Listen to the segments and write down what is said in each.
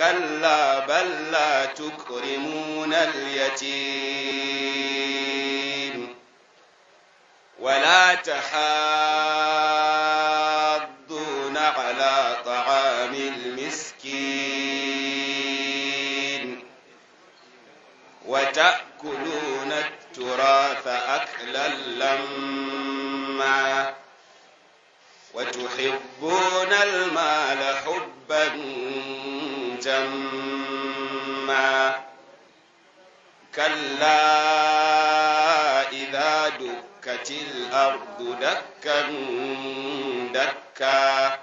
كلا بل لا تكرمون اليتيم ولا تحاضون على طعام المسكين وتأكلون التراث أكلا لما وتحبون المال حبا مسمى كلا إذا دكت الأرض دكا دكا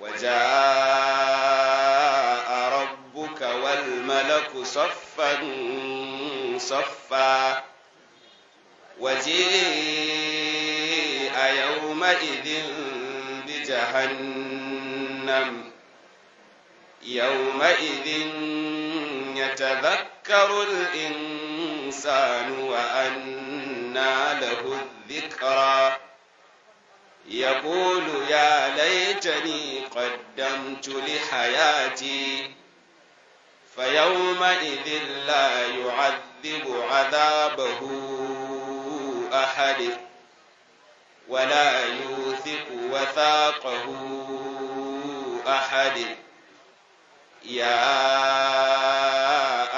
وجاء ربك والملك صفا صفا وجيء يومئذ بجهنم يومئذ يتذكر الإنسان وأنى له الذكرى يقول يا ليتني قدمت لحياتي فيومئذ لا يعذب عذابه أحد ولا يوثق وثاقه أحد يا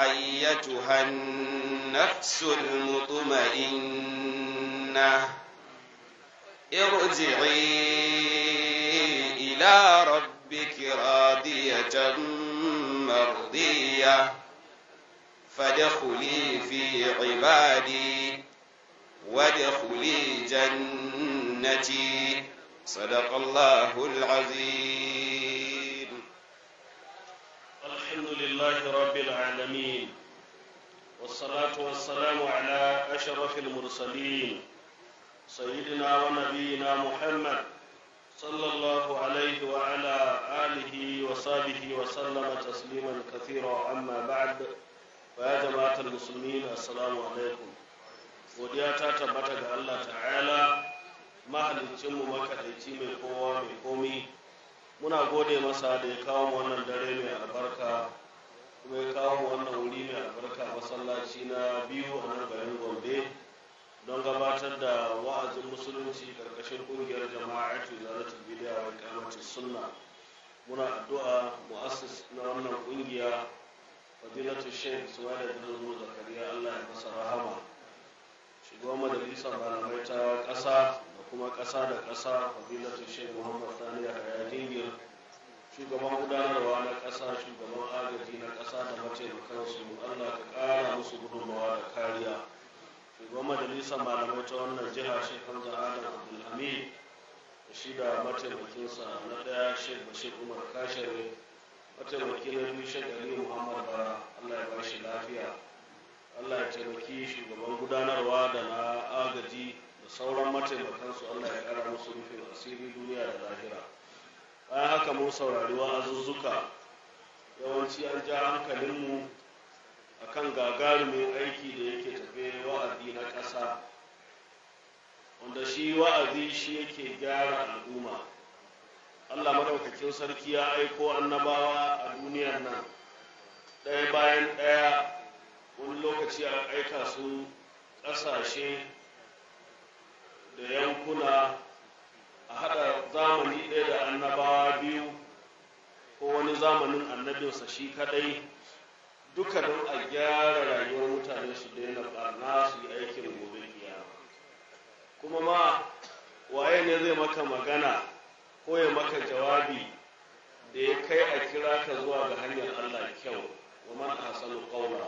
أيتها النفس المطمئنة ارجعي إلى ربك راضية مرضية فادخلي في عبادي وادخلي جنتي صدق الله العظيم الحمد لله رب العالمين والصلاة والسلام على أشرف المرسلين سيدنا ونبينا محمد صلى الله عليه وعلى آله وصحبه وسلم تسليما كثيرا أما بعد فيا جماعة المسلمين السلام عليكم godiya ta tabbata ga Allah ta'ala mahaliccinmu makadaici mai kowa mai komi muna gode masa da ya kawo wannan dare mai albarka kuma ya kawo wannan wuri mai albarka masallaci na biyu a nan garin gombe don gabatar da wa'azin musulunci karkashin kungiyar jama'atu zalatul bid'a wa iqamatus sunna muna addu'a mu'assis na wannan kungiya fadilatu da suwaida zuwa zakariya Allah ya masa rahama shugaban majalisar malamai ta ƙasa kuma ƙasa da ƙasa fadilatu shehu muhammad sani a hayajingir shugaban gudanarwa na ƙasa shugaban agaji na ƙasa da mataimakansu allah ka ƙara musu gudunmawa da kariya shugaban majalisa malamai ta wannan jiha shek hamza adam abdulhamid da shi da mataimakinsa na ɗaya da bashir umar kashere mataimaki na biyu shek ali muhammad bara allah ya ba lafiya allah ya taimaki shugaban gudanarwa da na agaji da sauran mataimakansu Allah ya ƙara musu rufin asiri duniya da lahira bayan haka mun saurari wa'azuzzuka yawanci an ja hankalinmu akan gagarumin aiki da yake tafe wa'azi na ƙasa wanda shi wa'azi shi yake gyara al'umma Allah madaukakin sarki ya aiko annabawa a duniyar nan ɗaya bayan ɗaya wani lokaci a aika su ƙasashe da yankuna a haɗa zamani ɗaya da annabawa biyu ko wani zamanin annabinsa shi kaɗai duka don a gyara rayuwar mutane su daina barna su yi aikin gobe biya kuma ma waye ne zai maka magana ko ya maka jawabi da ya kai a kira ka zuwa ga hanyar Allah kyau wa man ahsanu qawla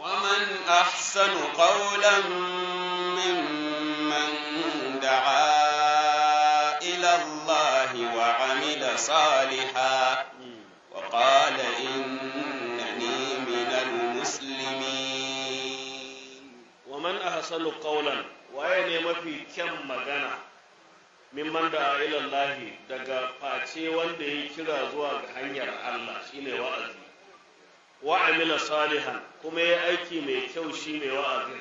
wa man ahsanu qawlan min. صالحا وقال إنني من المسلمين ومن أحسن قولا وين مفي كم مغنى mimman da ilallahi daga face wanda ya kira zuwa hanyar Allah shine wa'azi wa amila salihan kuma ya aiki mai kyau shine wa'azi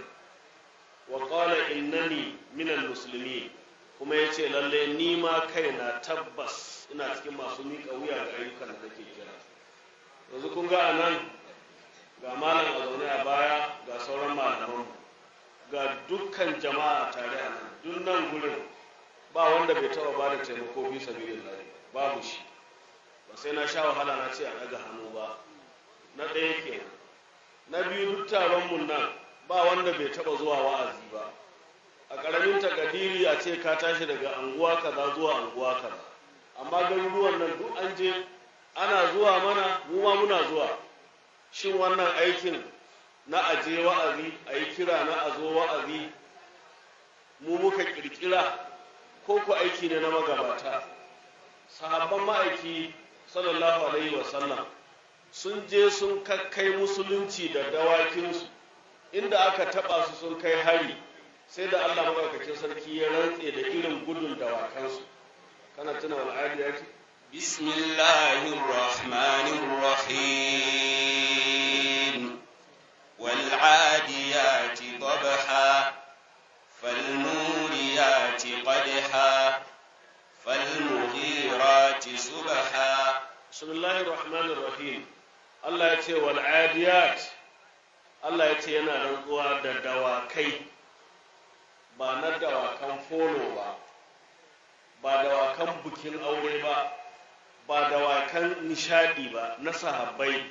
wa qala innani minal muslimin kuma ya ce lalle ni ma kai na tabbas ina cikin masu miƙa wuya ga ayyukan da nake kira yanzu kun ga anan ga malam a zaune a baya ga sauran malaman ga dukkan jama'a tare a nan duk nan gurin ba wanda bai taɓa ba da taimako bisa sabilin babu shi ba sai na sha wahala na ce a daga hannu ba na ɗaya ke na biyu duk taron mun nan ba wanda bai taɓa zuwa wa'azi ba a ƙaramin takadiri a ce ka tashi daga anguwa kaza zuwa anguwa kaza amma garuruwan nan duk an je ana zuwa mana mu ma muna zuwa shin wannan aikin na aje wa'azi a yi kira na a zo wa'azi mu muka ƙirƙira ko ku aiki ne na magabata sahabban ma'aiki sallallahu alaihi wasallam sun je sun kakkai musulunci da dawakinsu inda aka taɓa su sun kai hari sai da Allah madaukakin sarki ya rantse da irin gudun dawakansu kana tuna al'adi ya ce bismillahir rahmanir rahim wal adiyati dabha fal muriyati qadha fal mughirati subha bismillahir rahmanir rahim Allah ya ce wal adiyat Allah ya ce yana rantsuwa da dawakai ba na dawakan folo ba ba dawakan bukin aure ba ba dawakan nishadi ba na sahabbai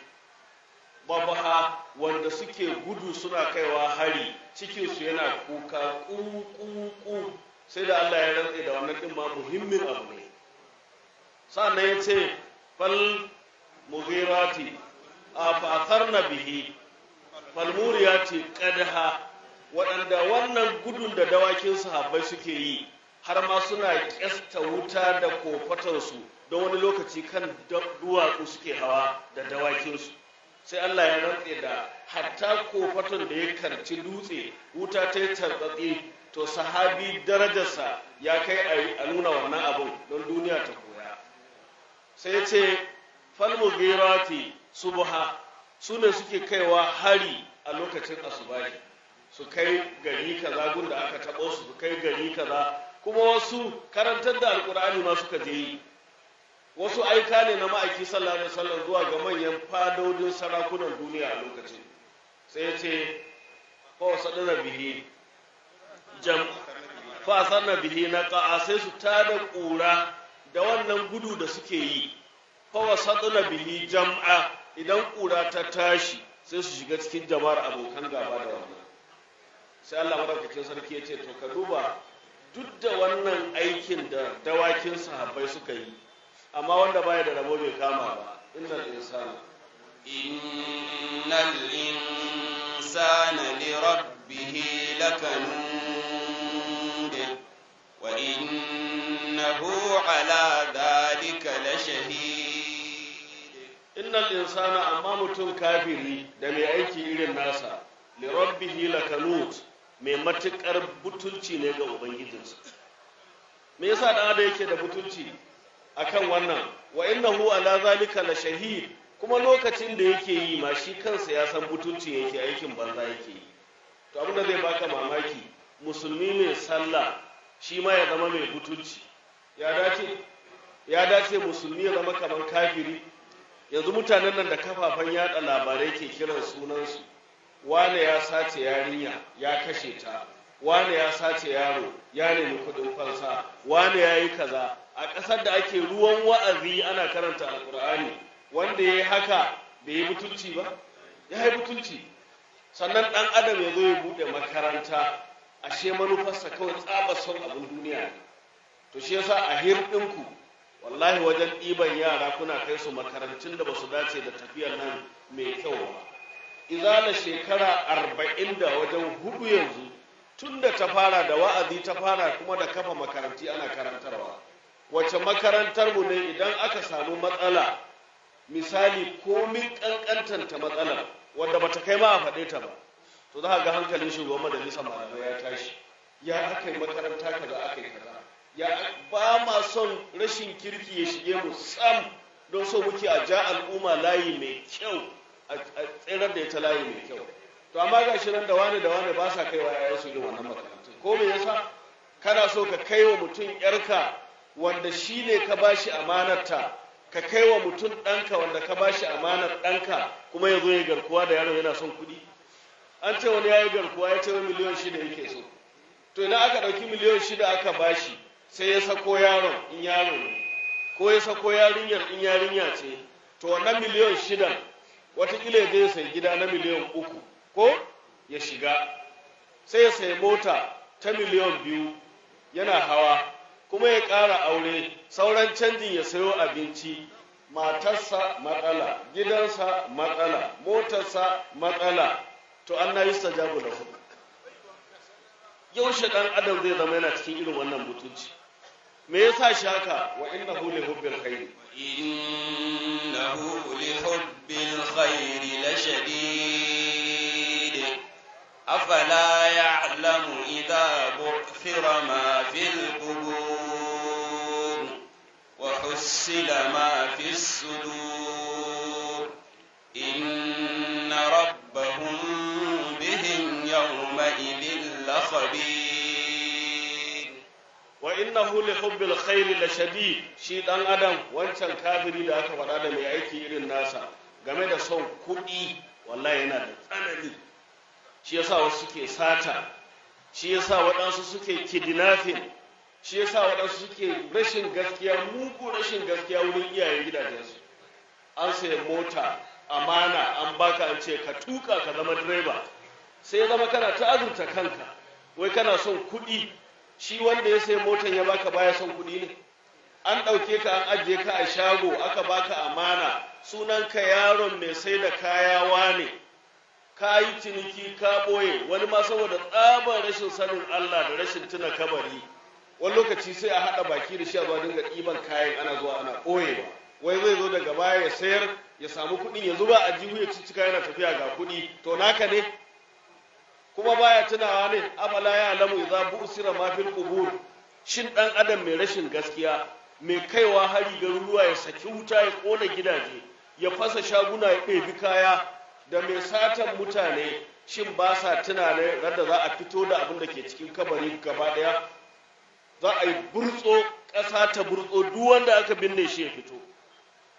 ha wanda suke gudu suna kaiwa hari cikinsu yana kuka ƙuƙuƙu sai da allah ya rantse da wannan ɗin ma muhimmin abu ne sannan ya ce fal mughirati a fatar na bihi falmuriyati ƙadha waɗanda wannan gudun da dawakin sahabbai suke yi har ma suna ƙyasta wuta da kofatansu don wani lokaci kan duwatsu suke hawa da dawakinsu sai Allah ya rantse da hatta kofaton da ya karci dutse wuta ta yi tartsatse to sahabi darajarsa ya kai a nuna wannan abin don duniya ta koya sai ce ce falmugirati subha su ne suke kaiwa hari a lokacin asubahi su kai gari kaza gun aka taɓo su su kai gari kaza kuma wasu karantar da alƙur'ani ma suka je yi wasu aika ne na ma'aiki sallallahu alaihi zuwa ga manyan fadodin sarakunan duniya a lokacin sai ce fa na bihi jam fa na bihi na ƙa'a sai su tada ƙura da wannan gudu da suke yi fa na bihi jam'a idan ƙura ta tashi sai su shiga cikin jama'ar abokan gaba da wannan sai Allah madaukakin sarki ya ce to ka duba duk da wannan aikin da dawakin sahabbai suka yi amma wanda baya da rabo bai kama ba innal insana innal insana li rabbih lakanud wa innahu ala dhalika lashahid innal insana amma mutum kafiri da mai aiki irin nasa li rabbih lakanud mai matuƙar butulci ne ga ubangijinsu me yasa dan da yake da butulci akan wannan wa innahu ala zalika la shahid kuma lokacin da yake yi ma shi kansa ya san butulci yake aikin banza yake yi to abin zai baka mamaki musulmi mai sallah shi ma ya zama mai butulci ya dace ya dace musulmi ya zama kamar kafiri yanzu mutanen nan da kafafen yada labarai ke kiran sunansu wane ya sace yarinya ya kashe ta wane ya sace yaro ya nemi kudin fansa wane ya yi kaza a ƙasar da ake ruwan wa'azi ana karanta alkur'ani wanda ya yi haka bai yi mutunci ba ya yi mutunci sannan ɗan adam ya zo ya buɗe makaranta ashe manufarsa kawai tsaba son abin duniya to shi yasa a hirɗinku wallahi wajen ɗiban yara kuna kai su makarantun da ba su dace da tafiyar nan mai kyau ba izala shekara arba'in da wajen hudu yanzu tunda ta fara da wa'azi ta fara kuma da kafa makaranti ana karantarwa wace makarantar mu ne idan aka samu matsala misali komin kankantanta matsalar ba bata kai ma a faɗe ta ba to za ga hankalin shugaban majalisar malamai ya tashi ya aka yi makaranta za aka yi kaza ya ba ma son rashin kirki ya shige mu sam don so muke a ja al'umma layi mai kyau a tsirar da ta layi mai kyau to amma ga shi nan da wani da wani ba sa kai wa yayan su irin wannan makarantu ko me yasa kana so ka kai wa mutum yarka wanda shi ne ka ba shi amanarta ka kai wa mutum ɗanka wanda ka ba shi amanar ɗanka kuma ya zo ya garkuwa da yaron yana son kuɗi an ce wani ya yi garkuwa ya ce miliyan shida yake so to ina aka ɗauki miliyan shida aka ba shi sai ya sako yaron in yaro ne ko ya sako yarinyar in yarinya ce to wannan miliyan shidan watakila ya je ya sayi gida na miliyan uku ko ya shiga sai ya sayi mota ta miliyan biyu yana hawa kuma ya ƙara aure sauran canjin ya sayo abinci matarsa matsala gidansa matsala motarsa matsala to an na yi sajabu da hudu yaushe ɗan adam zai zama yana cikin irin wannan mutunci me yasa shaka haka wa innahu li hubbil khair li hubbil بالخير لشديد أفلا يعلم إذا بؤثر ما في القبور وحسل ما في الصدور إن ربهم بهم يومئذ لخبير وإنه لحب الخير لشديد شيطان أدم وانشان كافري لأكبر أدم يأتي إلى الناس game da son kuɗi wallahi yana da tsanani shi ya sa wasu suke sata shi ya sa waɗansu suke kidnapping shi ya sa waɗansu suke rashin gaskiya mugu rashin gaskiya wurin iyayen gidajensu an sayi mota amana an baka an ce ka tuka ka zama direba sai ya zama kana ta azurta kanka wai kana son kuɗi shi wanda ya sayi motan ya baka baya son kuɗi ne an ɗauke ka an ajiye ka a shago aka baka amana Sunan ka yaron mai sai da kayawa ne ka yi ciniki ka ɓoye wani ma saboda tsabar rashin sanin Allah da rashin tuna kabari wani lokaci sai a haɗa baki da shi a zuwa dinga ɗiban kayan ana zuwa ana ɓoye. wai zai zo daga baya ya sayar ya samu kuɗin ya zuba a jihu ya cicika kayan tafiya ga kuɗi to naka ne kuma baya tunawa ne Amala ya lamu idza bu'sira ma fil qubur shin ɗan adam mai rashin gaskiya mai kaiwa hari garuruwa ya saki wuta ya kona gidaje ya fasa shaguna ya ɗebi kaya da mai satan mutane shin ba sa tunanin randa za a fito da abin da ke cikin kabari gaba ɗaya za a yi burtso ƙasa ta burtso duk wanda aka binne shi ya fito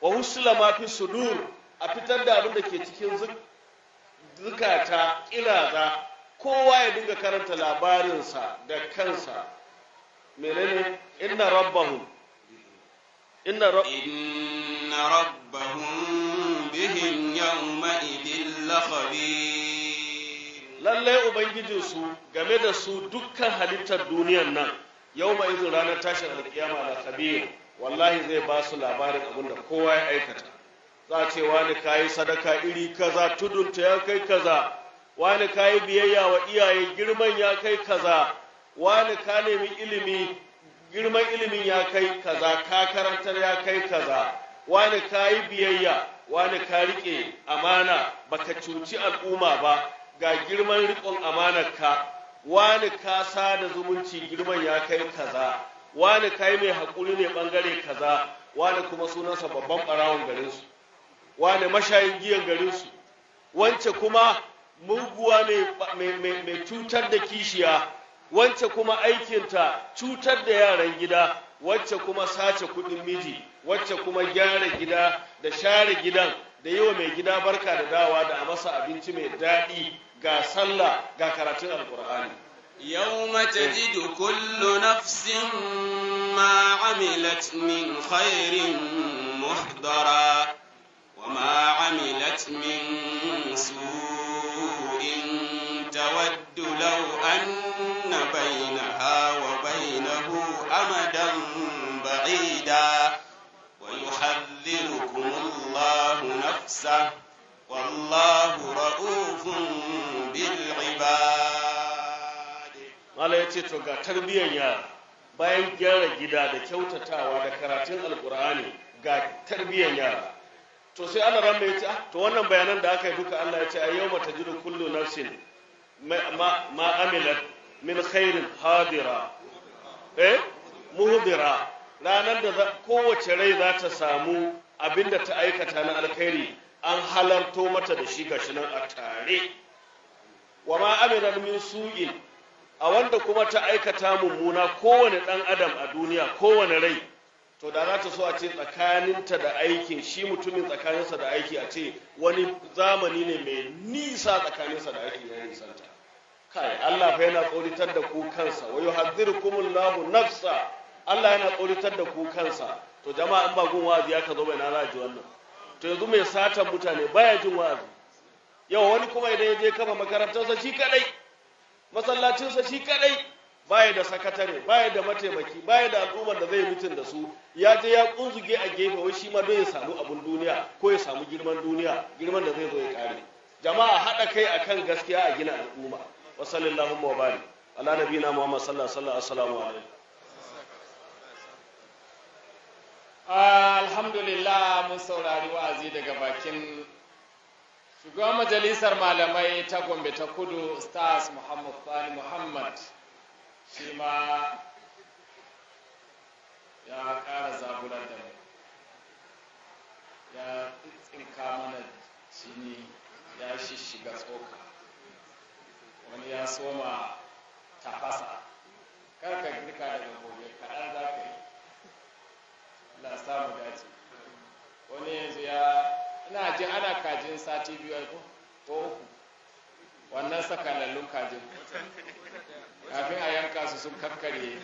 wa husula ma fi sudur a fitar da abin da ke cikin zukata ƙiraza kowa ya dinga karanta labarinsa da kansa menene inna rabbahum inna rabbahum bihim yawma idin lakhabir lalle ubangijin su game da su dukkan halittar duniyar nan yau mai idin ranar tashin alkiyama da khabir wallahi zai basu labarin abin da kowa ya aikata za a ce wani kayi sadaka iri kaza tudunta ya kai kaza wani kayi biyayya wa iyaye girman ya kai kaza wani ka nemi ilimi girman ilimin ya kai kaza ka karantar ya kai kaza wani ka yi biyayya wani ka riƙe amana baka cuci al'umma ba ga girman riƙon amanar ka wani ka da zumunci girman ya kai kaza wani ka yi mai haƙuri ne ɓangare kaza wani kuma sunansa babban ɓarawon garinsu wani mashayin giyan garinsu wance kuma muguwa mai cutar da kishiya wance kuma aikinta cutar da yaran gida wacce kuma sace kuɗin miji wacce kuma gyara gida da share gidan da yi wa mai gida barka da dawa da a masa abinci mai daɗi ga sallah ga karatun alkur'ani mace tajidu kullu nafsin ma amilat min khairin muhdara wa ma amilat min يُعَذِّبُكُمُ اللَّهُ نَفْسَهُ وَاللَّهُ رَءُوفٌ بِالْعِبَادِ Malai ya ce to ga tarbiyyar bayan gyara gida da kyautatawa da karatun alkur'ani ga tarbiyyar yara to sai Allah ran ya ce to wannan bayanan da aka yi duka Allah ya ce a yau mata jiru kullu nafsin ma amilat min khairin hadira eh muhdira ranar da kowace rai za ta samu abin da ta aikata na alkhairi an halarto mata da shi gashi nan a tare wa ma amina min su'in a wanda kuma ta aikata mummuna kowane dan adam a duniya kowane rai to da za ta so a ce tsakaninta da aikin shi mutumin tsakaninsa da aiki a ce wani zamani ne mai nisa tsakaninsa da aiki ya nisanta kai Allah fa yana tsoratar da ku kansa wa yuhadhdhirukumullahu nafsa Allah yana tsoratar da ku kansa to jama'a in ba gun wa'azi ya zo bai na ji wannan to yanzu mai satan mutane baya jin wa'azi yau wani kuma idan ya je kafa makarantarsa shi kadai masallacinsa shi kadai baya da sakatare baya da mataimaki baya da al'ummar da zai mutun da su ya je ya kunzuge a gefe wai shi ma don ya samu abun duniya ko ya samu girman duniya girman da zai zo ya kare jama'a haɗa kai akan gaskiya a gina al'umma wa sallallahu wa barik ala nabiyina muhammad sallallahu alaihi wa sallam alhamdulillah mun saurari wa'azi daga bakin shugaban majalisar malamai ta gombe ta kudu stars muhammad Sani muhammad shi ma ya kara zagular da mu ya tsinka mana jini ya shishiga tsoka wani ya soma tafasa karka girka daga gobe kaɗan za ka yi Allah samu dace wani yanzu ya ina jin ana kajin sati biyu ko ko uku wannan sakalallun kajin kafin a yanka su sun kakkare